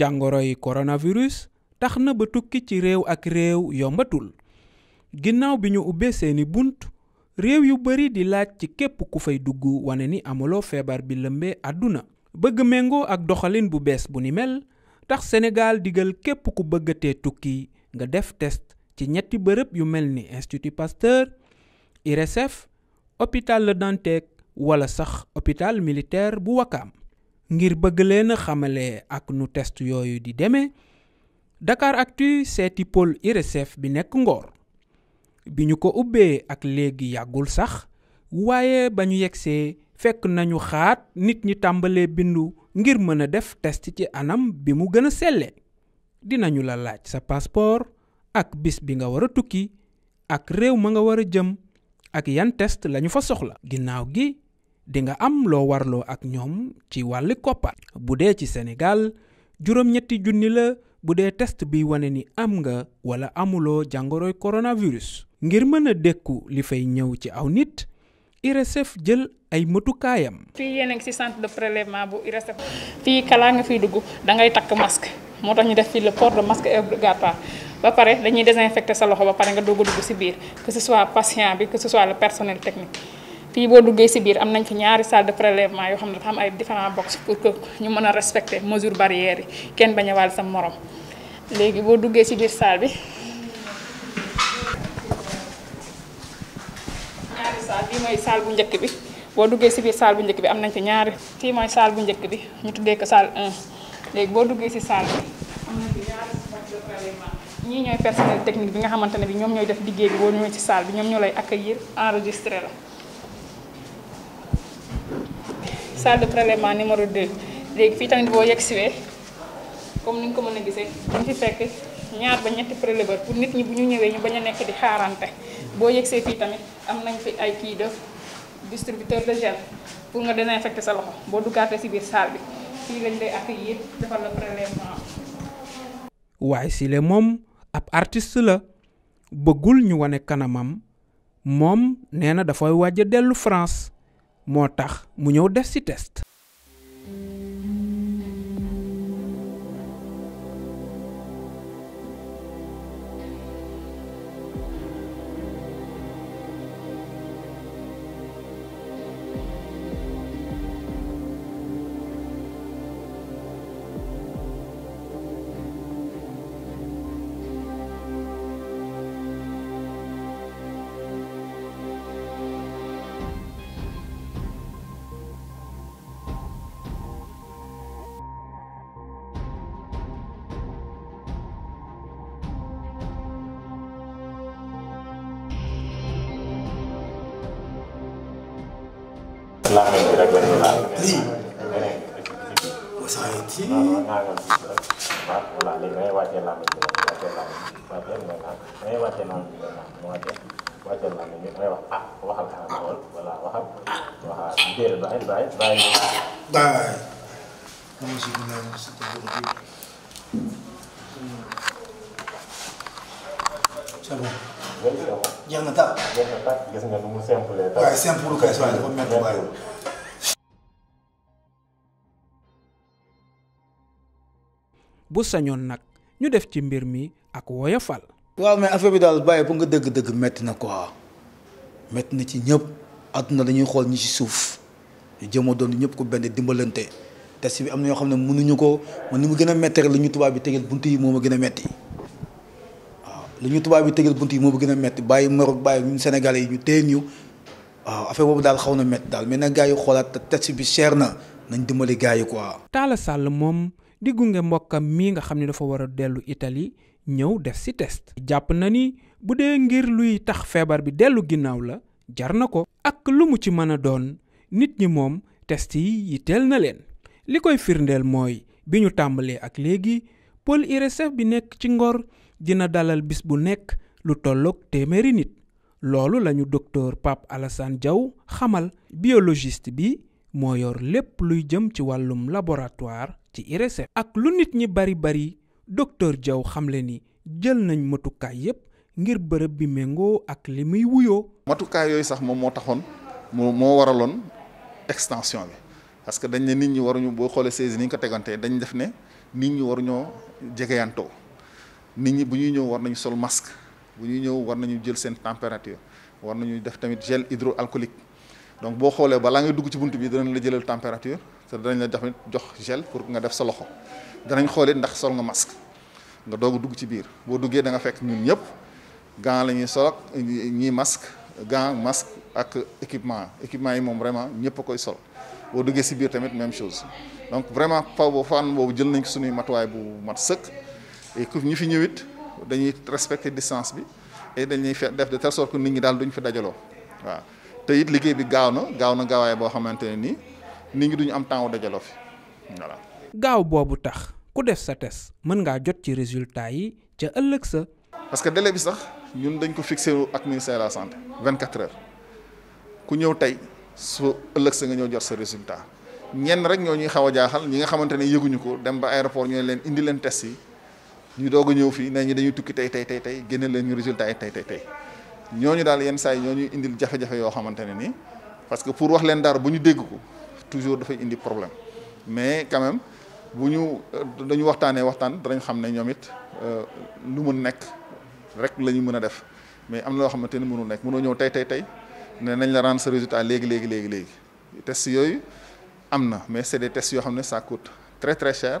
jàngoro yi coronavirus taxna ba tukki ci réew ak réew yombatul ginnaaw biñu ñu seni seeni bunt réew yu bari di laaj ci képp ku fay dugg wane ni amuloo feebar bi lëmbee àdduna bëgg méngoo ak doxalin bu bees bu ni mel tax sénégal digal képp ku bëggatee tukki nga def test ci ñetti bërëb yu mel ni institut pasteur irsf e hôpital le dantec wala sax hôpital militaire bu wakam ngir bëgg leen xamale ak nu test yooyu di demee dakar actu seeti pôle IRSF bi nekk ngoor bi ñu ko ubbee ak léegi yàggul sax waaye ba ñu yegsee fekk nañu xaat nit ñi tàmbalee bindu ngir mën def test ci anam bi mu gën a selle dinañu la laaj sa passeport ak bis bi nga war tukki ak réew ma nga war jëm ak yan test lañu fa soxla ginnaaw gi di nga am loo warloo ak ñoom ci wàlli koppar bu dee ci sénégal juróom-ñetti junni la bu dee test bi wane ni am nga wala amuloo jàngoroy coronavirus ngir mën a dékku li fay ñëw ci aw nit IRSF jël ay matukaayam fii yéen a ngi si centre de prélèvement bu IRSF fii kalaa nga fiy dugg da ngay takk masque moo tax ñu def fii le port de masque obligatoire ba pare dañuy désinfecter sa loxo ba pare nga doog dugg si biir que ce soit patient bi que ce soit le personnel technique fii boo duggee si biir am nañ fi ñaari salle de prélèvement yoo xam ne dafa am ay différents box pour que ñu mën a respecter mesure barrière yi kenn bañ a wàll morom léegi boo duggee si biir salle bi mooy salle bu njëkk bi boo duggee biir salle bu njëkk bi am nañ fi ñaari fii mooy salle bu njëkk bi ñu tuddee ko salle 1 léegi boo duggee si salle bi am nañ ñii ñooy personnel technique bi nga xamante ne bi ñoom ñooy def liggéey bi boo ñëwee ci salle bi ñoom ñoo lay accueillir enregistré la salle de prélèvement numéro 2 légui fi tamit boo wé comme niñ ko mëna gissé ñu fi fekk ñaar ba ñetti prélèveur pour nit ñi bu ñu ñëwé ñu baña nekk di xaarante boo yegsee fi tamit am nañ fi ay ki def distributeur de gel pour nga désinfecter sa loxo du duggaatee si biir salle bi fi lañ lay accueillir defal la prélèvement. si le mom ab artiste la bëggul ñu wone kanamam mom nee na dafay wàjj delu France. moo tax mu ñëw def ci test 라면 라면 라면 리 사이티 자, 뭐. jeex na bu sañoon nag ñu def ci mbir mi ak woyofal. waaw mais affaire bi daal bàyyi bu nga dëgg-dëgg metti na quoi métti na ci ñëpp àdduna dañuy xool ñi ci suuf ñu jëma doon ñëpp ko benn dimbalante test bi am na ñoo xam ne mënuñu ko man ni mu gën a métti rek la ñu tubaab bi tegal buntu yi moom a gën a metti li ñu tubaab yi tëjal bunt yi moo metti bàyyi Maroc bàyyi ñu sénégalais yi ñu téñu ñu waaw affaire boobu daal xaw na metti daal mais na gaay yi xoolaat te test bi cher na nañ dimbali gaay quoi. tala Sall mom di gungé mbokam mi nga xamni dafa wara a italy ñew def ci test. japp na ni bu dé ngir luy tax fébar bi dellu ginnaw la jar na ko. ak lu mu ci mëna doon nit ñi mom test yi yitel na leen likoy firndel moy biñu tambalé ak légui Paul IRSF bi nek ci Ngor dina dalal bis bu nekk lu tollook téeméeri nit loolu lañu docteur Pape Alassane Diaw xamal biologiste bi moo yor lépp luy jëm ci wàllum laboratoire ci IRESSEF ak lu nit ñi bari bari docteur Diaw xamle ni jël nañ matukaay yépp ngir bërëb bi méngoo ak li muy wuyoo matukaay yooyu sax moom moo taxoon moo moo waraloon extension bi parce que dañ ne nit ñi waruñu boo xoolee saisi ni ñu ko tegantee dañ def ne nit ñi waruñoo jegeyantoo nit ñi bu ñuy ñëw war nañu sol masque bu ñuy ñëw war nañu jël seen température war nañu def tamit gel hydroalcoolique donc boo xoolee balaa nga dugg ci buntu bi danañ la jëlal température te danañ la tamit jox gel pour nga def sa loxo danañ xoolee ndax sol nga masque nga doog dugg ci biir boo duggee da nga fekk ñun ñëpp gant la ñuy sol ñii masque gant masque ak équipement équipement yi moom vraiment ñëpp koy sol boo duggee si biir tamit même chose donc vraiment faw boo fan boobu jël nañ ko suñuy matuwaay bu mat sëkk et que ñu fi ñëwit dañuy respecter distance bi et dañuy def de telle sorte que nit ñi daal duñ fi dajalo wa te it liggéey bi gaaw na gaaw na gaawaay boo xamante ne nit ñi duñ am temps dajalo fi voilà. gaaw bobu tax ku def sa test mën nga jot ci résultat yi ci ëlëk sa. parce que délai bi sax ñun dañ ko fixé ak ministère de la santé 24 heures ku ñëw tay su ëlëk sa nga ñëw jot sa résultat ñen rek ñoo ñuy xawa jaaxal ñi nga xamanteni ne yëguñu ko dem ba aéroport ñoy leen indi leen test yi. Nous avons a ñëw nous avons résultats. tukki tey résultat nous parce que pour les leen nous toujours des problèmes. mais quand même nous nous euh, dañu des résultats, nous avons ne ñoom résultats. Euh, nous mais nous des choses résultat mais c'est des tests coûtent ça coûte très très cher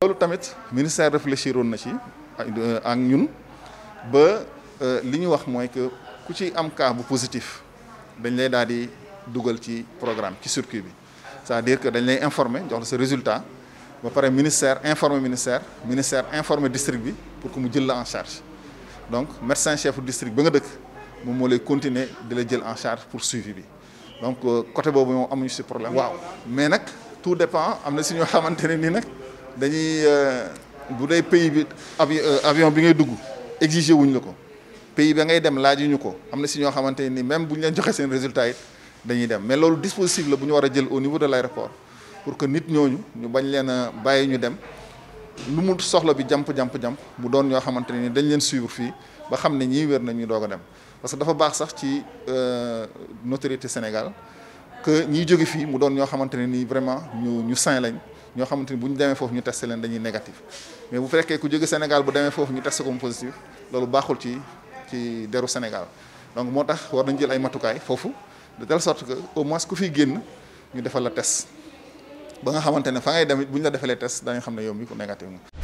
loolu tamit ministère réfléchir na ci ak ñun ba euh, li ñu wax mooy que ku ci am cas bu positif dañ lay daal di dugal ci programme ci circuit bi c'est-à-dire que dañ lay informer jox la sa résultat ba pare ministère informer ministère ministère informer district bi pour que mu jël la en charge donc médecin chef district ba nga dëkk moom moo lay continuer di la jël en charge pour suivi bi donc euh, côté boobu moom amuñu si problème. waaw mais nag tout dépend am na si ñoo xamante ne nii nag dañuy euh, bu dee pays bi euh, avion bi ngay dugg exiger wuñ lako pays bi ngay dem laajuñu ko amna na si ñoo xamante même bu leen joxé seen résultat yi dañuy dem mais lolu dispositif la bu ñu jël au niveau de l'aéroport pour que nit ñooñu ñu bañ leen a ñu dem lu mu soxla bi jàmp jàmp jàmp bu doon ñoo xamanteni dañ leen suivre fi ba xamné ñi wër wér na ñu doog dem parce que dafa baax sax ci euh notoriété Sénégal que ñi joggé fi mu doon ñoo xamanteni vraiment ñu ñu sain lañ. ñoo xamante ni bu ñu demee foofu ñu testé leen dañuy négatif mais bu fekkee ku jóge Sénégal bu demee foofu ñu testé ko mu positif loolu baaxul ci ci deru Sénégal donc moo tax war nañ jël ay matukaay foofu de telle sorte que au moins ku fiy génn ñu defal la test ba nga xamante ne fa ngay dem it bu ñu la defalee test dañu xam ne yow mi ku négatif nga